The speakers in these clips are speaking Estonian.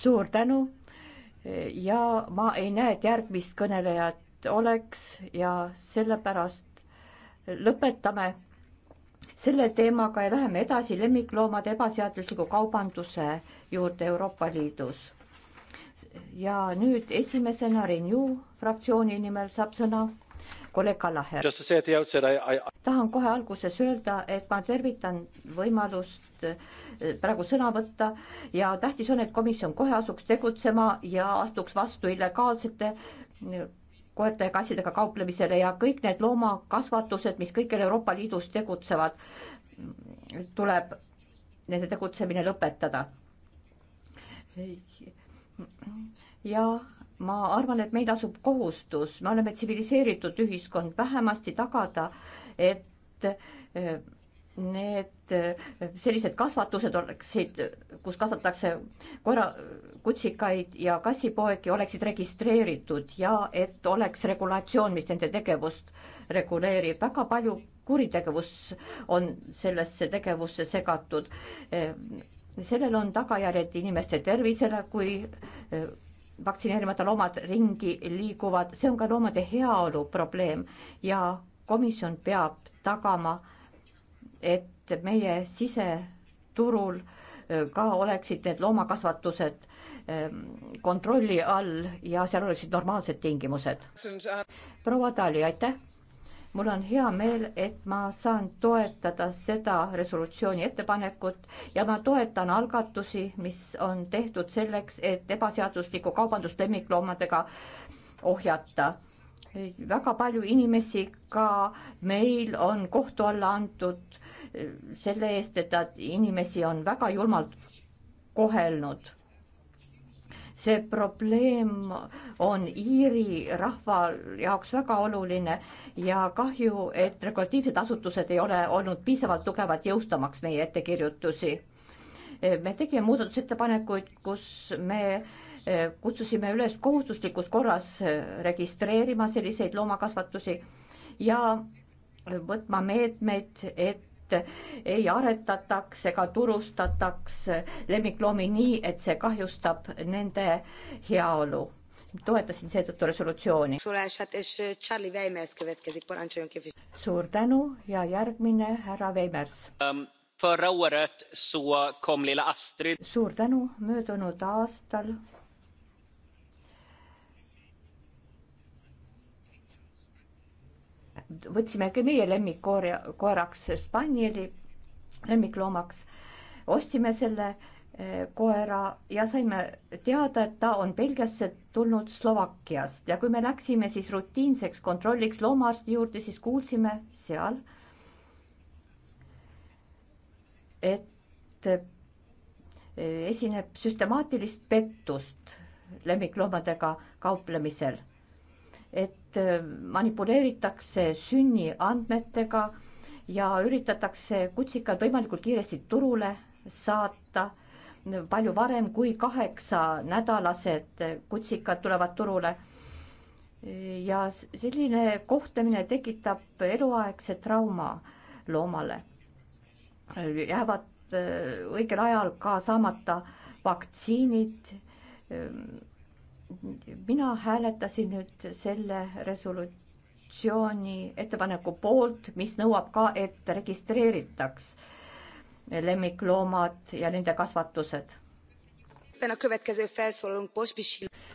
suur tänu ja ma ei näe, et järgmist kõnelejat oleks ja sellepärast lõpetame selle teemaga ja läheme edasi lemmikloomade ebaseadusliku kaubanduse juurde Euroopa Liidus. ja nüüd esimesena Renew fraktsiooni nimel saab sõna kolleeg Kallaher. tahan kohe alguses öelda, et ma tervitan võimalust praegu sõna võtta ja tähtis on, et komisjon kohe asuks tegutsema ja astuks vastu illegaalsete koerte ja kassidega kauplemisele ja kõik need loomakasvatused, mis kõikjal Euroopa Liidus tegutsevad, tuleb nende tegutsemine lõpetada. ja ma arvan, et meil asub kohustus, me oleme tsiviliseeritud ühiskond, vähemasti tagada, et need äh, sellised kasvatused oleksid, kus kasvatatakse koera, kutsikaid ja kassipoegi, oleksid registreeritud ja et oleks regulatsioon, mis nende tegevust reguleerib. väga palju kuritegevus on sellesse tegevusse segatud. Ehm, sellel on tagajärjed inimeste tervisele, kui ehm, vaktsineerimata loomad ringi liiguvad, see on ka loomade heaolu probleem ja komisjon peab tagama et meie siseturul äh, ka oleksid need loomakasvatused ähm, kontrolli all ja seal oleksid normaalsed tingimused. proua Tali, aitäh! mul on hea meel, et ma saan toetada seda resolutsiooni ettepanekut ja ma toetan algatusi, mis on tehtud selleks, et ebaseaduslikku kaubandust lemmikloomadega ohjata. väga palju inimesi ka meil on kohtu alla antud selle eest, et ta inimesi on väga julmalt kohelnud. see probleem on Iiri rahva jaoks väga oluline ja kahju, et regulatiivsed asutused ei ole olnud piisavalt tugevad jõustamaks meie ettekirjutusi. me tegime muudatusettepanekuid, kus me eh, kutsusime üles kohustuslikus korras eh, registreerima selliseid loomakasvatusi ja võtma meetmeid, et produkte ei aretataks ega turustataks lemmikloomi nii, et see kahjustab nende heaolu. toetasin seetõttu resolutsiooni. suur tänu ja järgmine härra Veimers um.... Ähm, förra året så kom lilla Astrid. Suur tänu, möödunud aastal võtsimegi meie lemmikkoeraks spanieli, lemmikloomaks. ostsime selle eh, koera ja saime teada, et ta on Belgiasse tulnud Slovakkiast ja kui me läksime siis rutiinseks kontrolliks loomaarsti juurde, siis kuulsime seal, et eh, esineb süstemaatilist pettust lemmikloomadega kauplemisel et äh, manipuleeritakse sünniandmetega ja üritatakse kutsikad võimalikult kiiresti turule saata palju varem kui kaheksanädalased kutsikad tulevad turule. ja selline kohtlemine tekitab eluaegse trauma loomale. jäävad äh, õigel ajal ka saamata vaktsiinid äh, mina hääletasin nüüd selle resolutsiooni ettepaneku poolt, mis nõuab ka, et registreeritaks lemmikloomad ja nende kasvatused.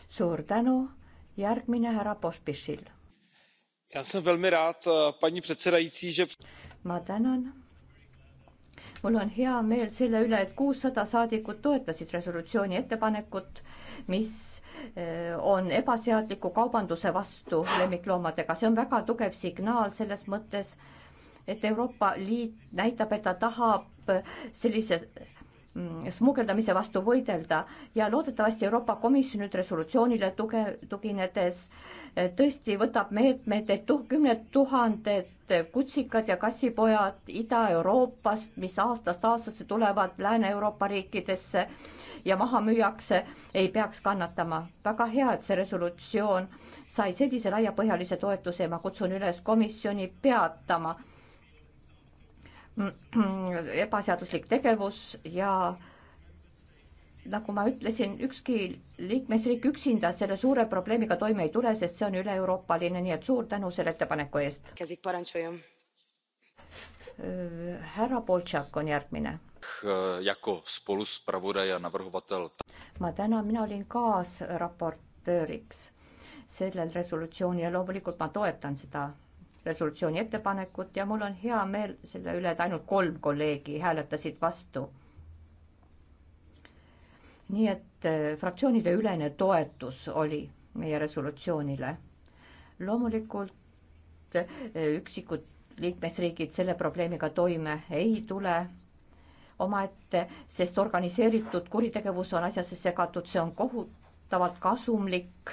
suur tänu, järgmine härra Pospišil. ma tänan mul on hea meel selle üle, et kuussada saadikut toetasid resolutsiooni ettepanekut, mis Äh, on ebaseadliku kaubanduse vastu lemmikloomadega, see on väga tugev signaal selles mõttes, et Euroopa Liit näitab, et ta tahab äh, sellise mm, smugeldamise vastu võidelda ja loodetavasti Euroopa Komisjon nüüd resolutsioonile tuge, tuginedes äh, tõesti võtab meetmed, et tuh, kümned tuhanded kutsikad ja kassipojad Ida-Euroopast, mis aastast aastasse tulevad Lääne-Euroopa riikidesse ja maha müüakse, ei peaks kannatama. väga hea, et see resolutsioon sai sellise laiapõhjalise toetuse ja ma kutsun üles komisjoni peatama ebaseaduslik tegevus ja äh, nagu ma ütlesin, ükski liikmesriik üksinda selle suure probleemiga toime ei tule, sest see on üle-euroopaline, nii et suur tänu selle ettepaneku eest. Äh, härra Boltšak on järgmine. Äh, ma tänan, mina olin kaasraportööriks sellel resolutsioonil ja loomulikult ma toetan seda resolutsiooni ettepanekut ja mul on hea meel selle üle, et ainult kolm kolleegi hääletasid vastu nii et äh, fraktsioonide ülene toetus oli meie resolutsioonile. loomulikult äh, üksikud liikmesriigid selle probleemiga toime ei tule omaette, sest organiseeritud kuritegevus on asjasse segatud, see on kohutavalt kasumlik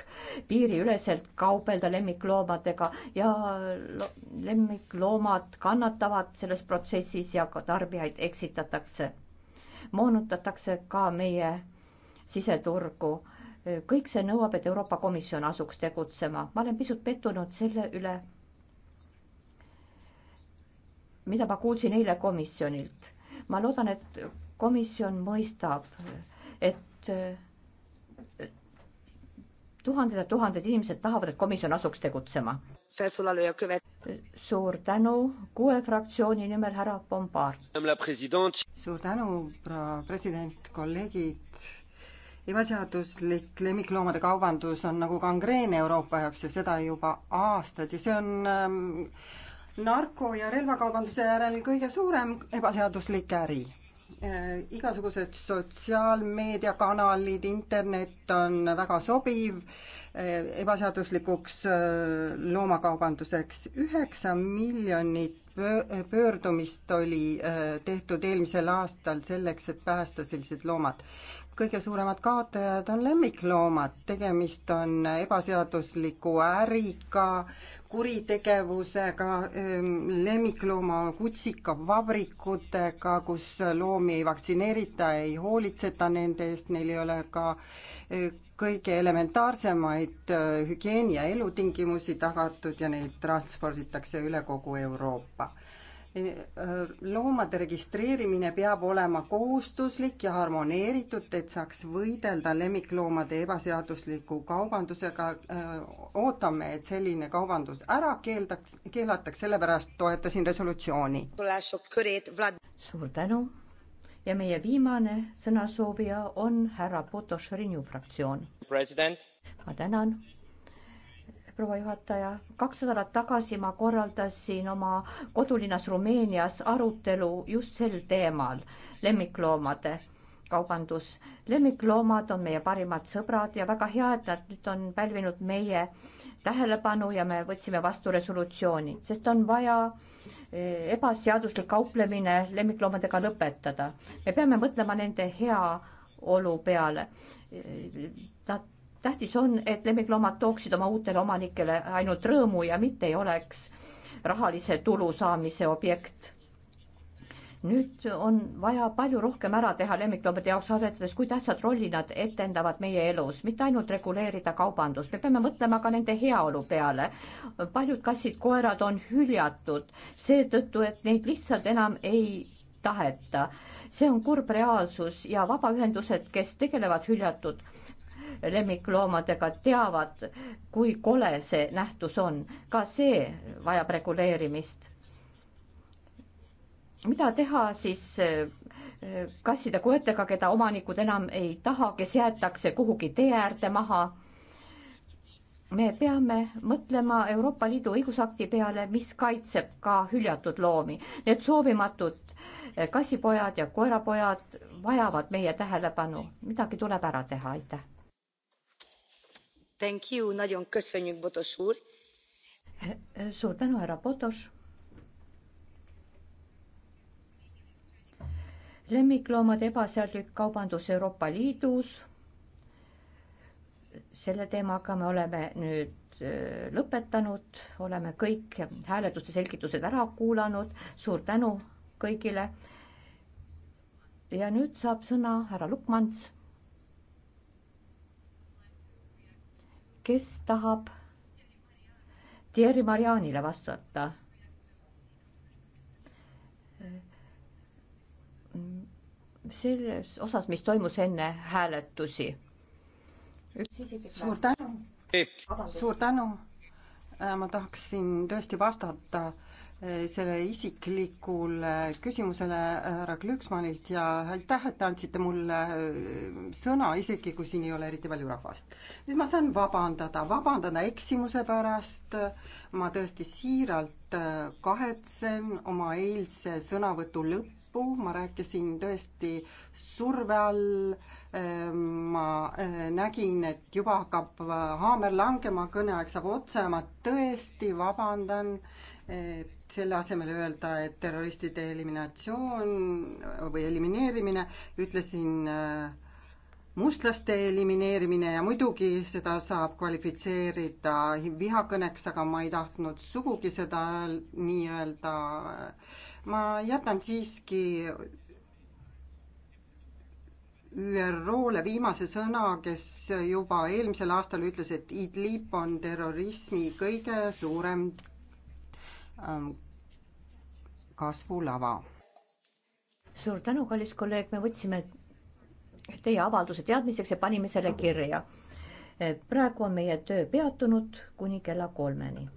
piiriüleselt kaubelda lemmikloomadega ja lemmikloomad kannatavad selles protsessis ja ka tarbijaid eksitatakse. moonutatakse ka meie siseturgu. kõik see nõuab, et Euroopa Komisjon asuks tegutsema. ma olen pisut pettunud selle üle, mida ma kuulsin eile komisjonilt. ma loodan, et komisjon mõistab, et tuhanded ja tuhanded inimesed tahavad, et komisjon asuks tegutsema. suur tänu, kuue fraktsiooni nimel härra Pompard. suur tänu, proua president, kolleegid ebaseaduslik lemmikloomade kaubandus on nagu kangreen Euroopa jaoks ja seda juba aastaid ja see on ähm, narko- ja relvakaubanduse järel kõige suurem ebaseaduslik äri äh,. igasugused sotsiaalmeediakanalid, internet on väga sobiv äh, ebaseaduslikuks äh, loomakaubanduseks. üheksa miljonit äh, pöördumist oli äh, tehtud eelmisel aastal selleks, et päästa sellised loomad kõige suuremad kaotajad on lemmikloomad, tegemist on ebaseadusliku äriga, kuritegevusega, ehm, lemmikloomakutsika vabrikutega, kus loomi ei vaktsineerita, ei hoolitseta nende eest, neil ei ole ka e, kõige elementaarsemaid e, hügieeni ja elutingimusi tagatud ja neid transporditakse üle kogu Euroopa loomade registreerimine peab olema kohustuslik ja harmoneeritud, et saaks võidelda lemmikloomade ebaseadusliku kaubandusega. ootame, et selline kaubandus ära keeldaks, keelataks, sellepärast toetasin resolutsiooni. suur tänu ja meie viimane sõnasoovija on härra Putošrinju fraktsioon. ma tänan proua juhataja. kaks nädalat tagasi ma korraldasin oma kodulinnas Rumeenias arutelu just sel teemal, lemmikloomade kaubandus. lemmikloomad on meie parimad sõbrad ja väga hea, et nad nüüd on pälvinud meie tähelepanu ja me võtsime vastu resolutsiooni, sest on vaja eh, ebaseaduslik kauplemine lemmikloomadega lõpetada. me peame mõtlema nende heaolu peale tähtis on, et lemmikloomad tooksid oma uutele omanikele ainult rõõmu ja mitte ei oleks rahalise tulu saamise objekt. nüüd on vaja palju rohkem ära teha lemmikloomade jaoks, arvestades, kui tähtsat rolli nad etendavad meie elus, mitte ainult reguleerida kaubandust, me peame mõtlema ka nende heaolu peale. paljud kassid-koerad on hüljatud seetõttu, et neid lihtsalt enam ei taheta. see on kurb reaalsus ja vabaühendused, kes tegelevad hüljatud lemmikloomadega, teavad, kui kole see nähtus on. ka see vajab reguleerimist. mida teha siis eh, kasside-koertega, keda omanikud enam ei taha, kes jäetakse kuhugi tee äärde maha? me peame mõtlema Euroopa Liidu õigusakti peale, mis kaitseb ka hüljatud loomi. Need soovimatud eh, kassipojad ja koerapojad vajavad meie tähelepanu, midagi tuleb ära teha, aitäh Thank you, nagyon köszönjük, Botos úr. suur tänu, härra Botos. lemmikloomade ebaseaduslik kaubandus Euroopa Liidus. selle teemaga me oleme nüüd äh, lõpetanud, oleme kõik hääletuste selgitused ära kuulanud, suur tänu kõigile. ja nüüd saab sõna härra Lukmans kes tahab Thierry Marianile vastata? selles osas, mis toimus enne hääletusi. suur tänu, suur tänu. ma tahaksin tõesti vastata äh, Eh, selle isiklikule küsimusele eh, härra Glüksmanilt ja aitäh, et te andsite mulle eh, sõna, isegi kui siin ei ole eriti palju rahvast. nüüd ma saan vabandada, vabandada eksimuse pärast, ma tõesti siiralt kahetsen oma eilse sõnavõtu lõppu, ma rääkisin tõesti surve all, ma nägin, et juba hakkab haamer langema, kõneaeg saab otsa ja ma tõesti vabandan, et selle asemel öelda, et terroristide eliminatsioon või elimineerimine, ütlesin äh, mustlaste elimineerimine ja muidugi seda saab kvalifitseerida vihakõneks, aga ma ei tahtnud sugugi seda nii-öelda. Äh, ma jätan siiski ÜRO-le viimase sõna, kes juba eelmisel aastal ütles, et Idlib on terrorismi kõige suurem Ähm, kasvulava. suur tänu, kallis kolleeg, me võtsime teie avalduse teadmiseks ja panime selle kirja. praegu on meie töö peatunud kuni kella kolmeni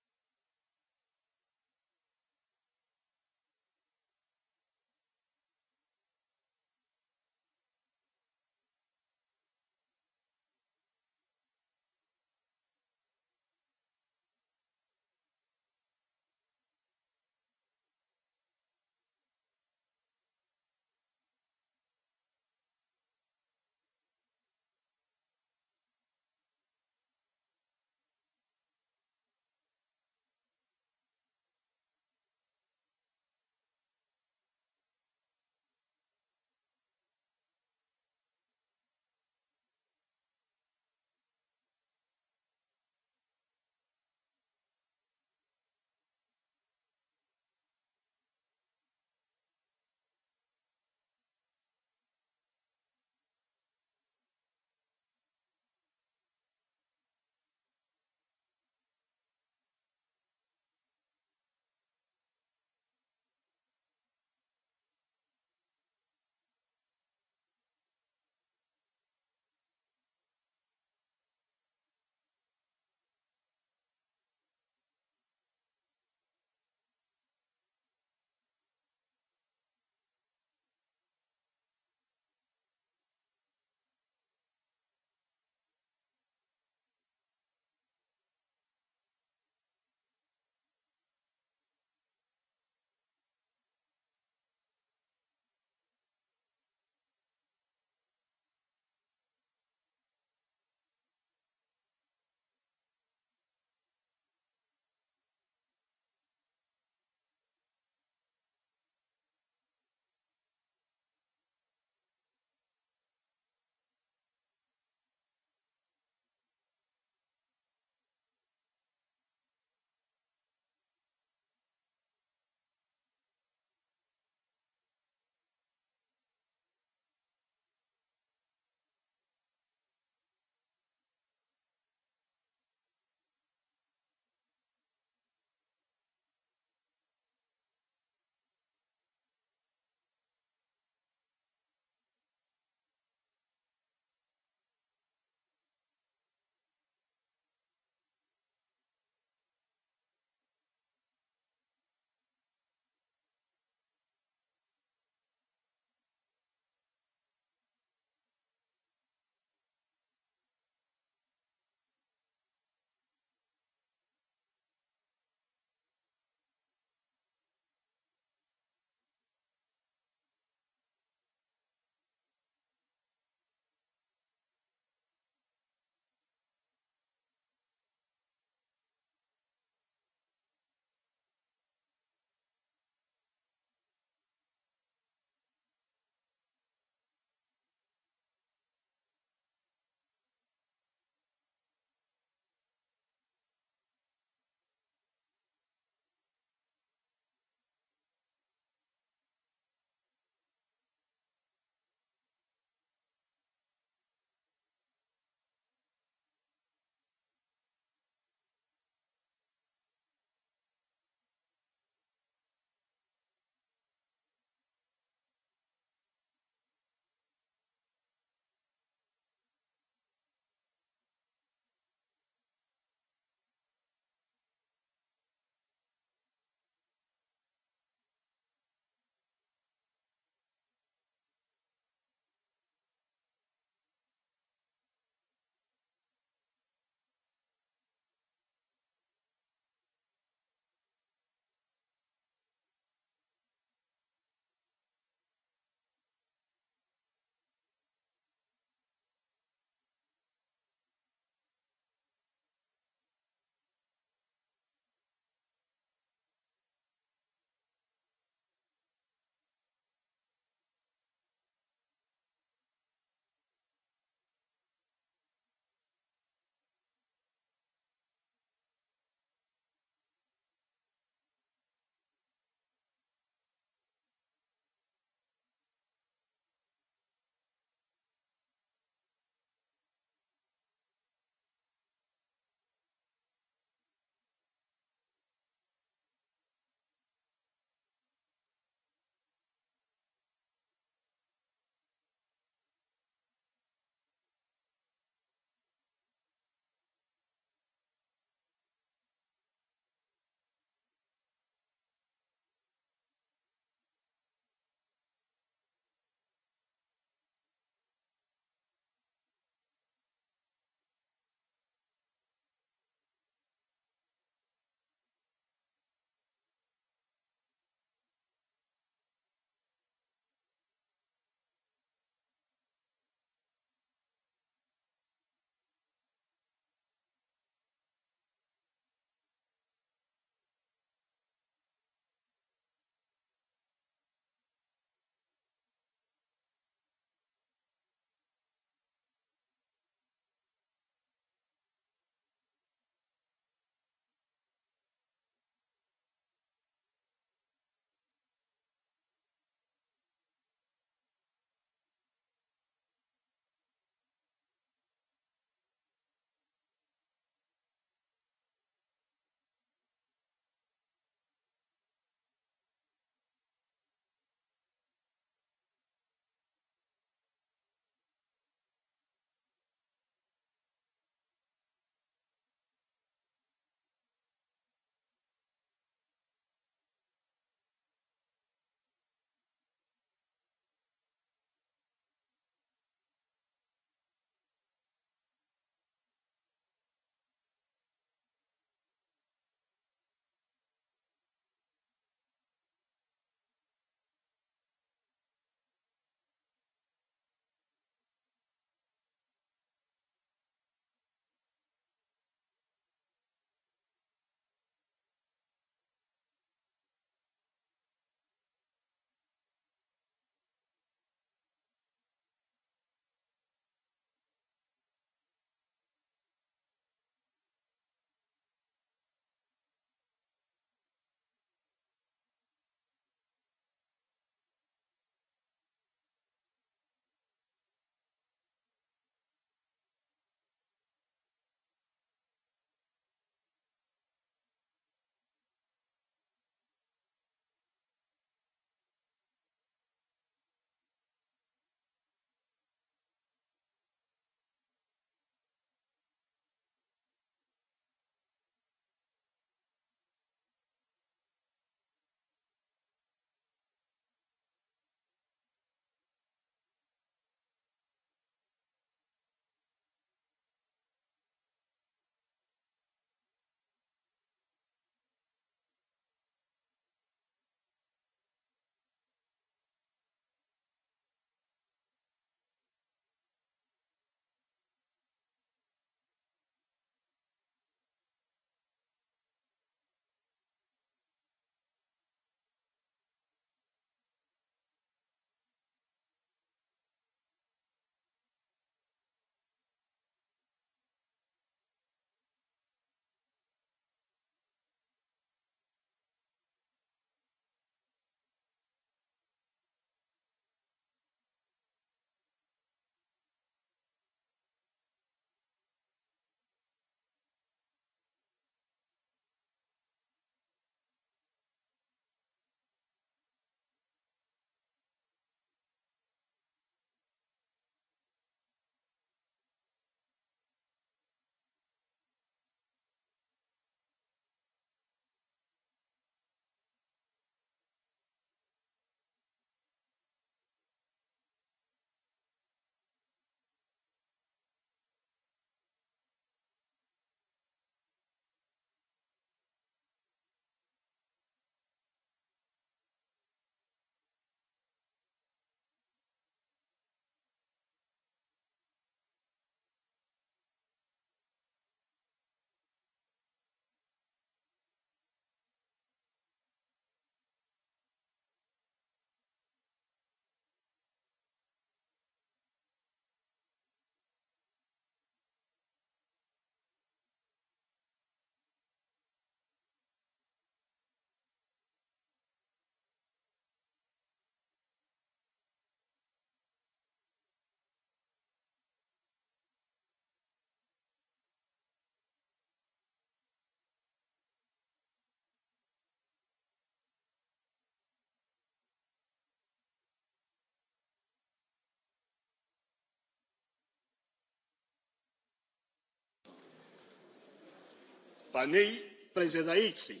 paní předsedající.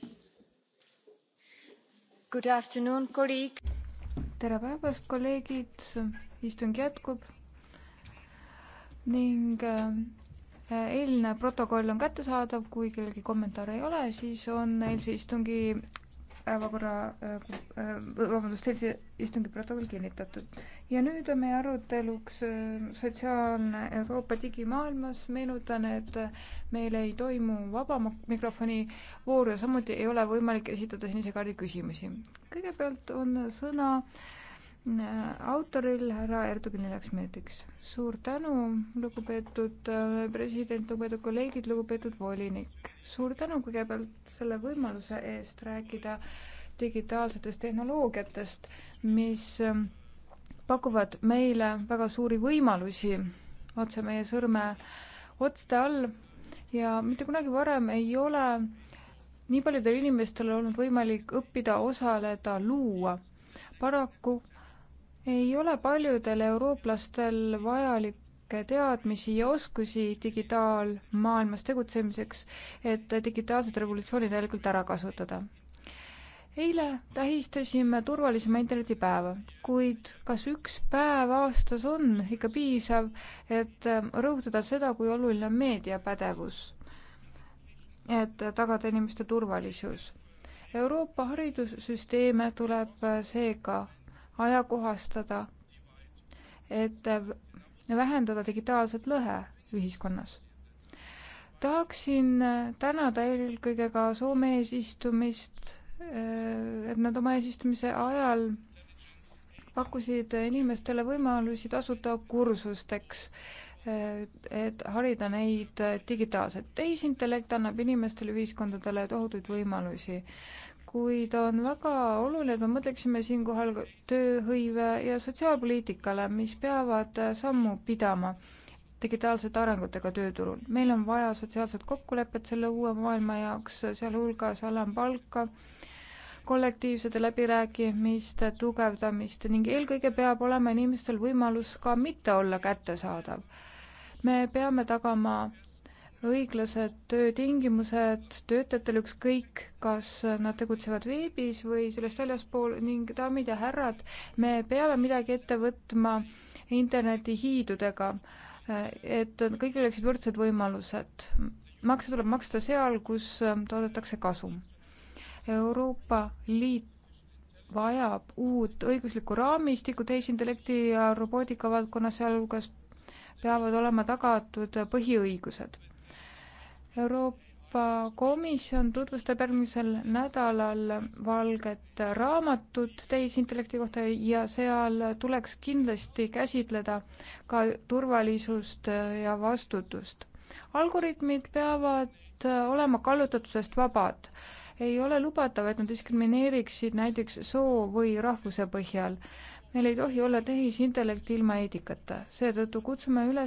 tere päevast, kolleegid, istung jätkub ning äh, eilne protokoll on kättesaadav, kui kellelgi kommentaare ei ole, siis on eilse istungi päevakorra äh,, äh vabandust, eilse istungi protokoll kinnitatud. ja nüüd on meie aruteluks äh, sotsiaalne Euroopa digimaailmas. meenutan, et äh, meil ei toimu vaba mikrofoni vooru ja samuti ei ole võimalik esitada sinise kaardi küsimusi. kõigepealt on sõna äh, autoril, härra Erdogi neljaks minutiks. suur tänu, lugupeetud äh, president, lugupeetud kolleegid, lugupeetud volinik. suur tänu kõigepealt selle võimaluse eest rääkida digitaalsetest tehnoloogiatest, mis ähm, pakuvad meile väga suuri võimalusi otse meie sõrme otste all ja mitte kunagi varem ei ole nii paljudel inimestel olnud võimalik õppida, osaleda, luua. paraku ei ole paljudel eurooplastel vajalikke teadmisi ja oskusi digitaalmaailmas tegutsemiseks, et digitaalset revolutsiooni täielikult ära kasutada. eile tähistasime turvalisema internetipäeva, kuid kas üks päev aastas on ikka piisav, et rõhutada seda, kui oluline on meediapädevus, et tagada inimeste turvalisus? Euroopa haridussüsteeme tuleb seega ajakohastada, et vähendada digitaalset lõhe ühiskonnas. tahaksin tänada eelkõige ka Soome eesistumist, et nad oma eesistumise ajal pakkusid inimestele võimalusi tasuta kursusteks, et harida neid digitaalselt. tehisintellekt annab inimestele, ühiskondadele tohutuid võimalusi kuid on väga oluline, et me mõtleksime siinkohal tööhõive ja sotsiaalpoliitikale, mis peavad äh, sammu pidama digitaalsete arengutega tööturul. meil on vaja sotsiaalset kokkulepet selle uue maailma jaoks, sealhulgas alampalka, kollektiivsete läbirääkimiste tugevdamist ning eelkõige peab olema inimestel võimalus ka mitte olla kättesaadav. me peame tagama õiglased töötingimused töötajatel, ükskõik, kas nad tegutsevad veebis või sellest väljaspool ning daamid ja härrad, me peame midagi ette võtma internetihiidudega, et kõigil oleksid võrdsed võimalused. makse tuleb maksta seal, kus toodetakse kasum. Euroopa Liit vajab uut õiguslikku raamistikku tehisintellekti ja robootika valdkonnas, sealhulgas peavad olema tagatud põhiõigused Euroopa Komisjon tutvustab järgmisel nädalal valget raamatut tehisintellekti kohta ja seal tuleks kindlasti käsitleda ka turvalisust ja vastutust. Algoritmid peavad olema kallutatusest vabad ei ole lubatav, et nad diskrimineeriksid näiteks soo või rahvuse põhjal. meil ei tohi olla tehisintellekti ilma eetikata, seetõttu kutsume üles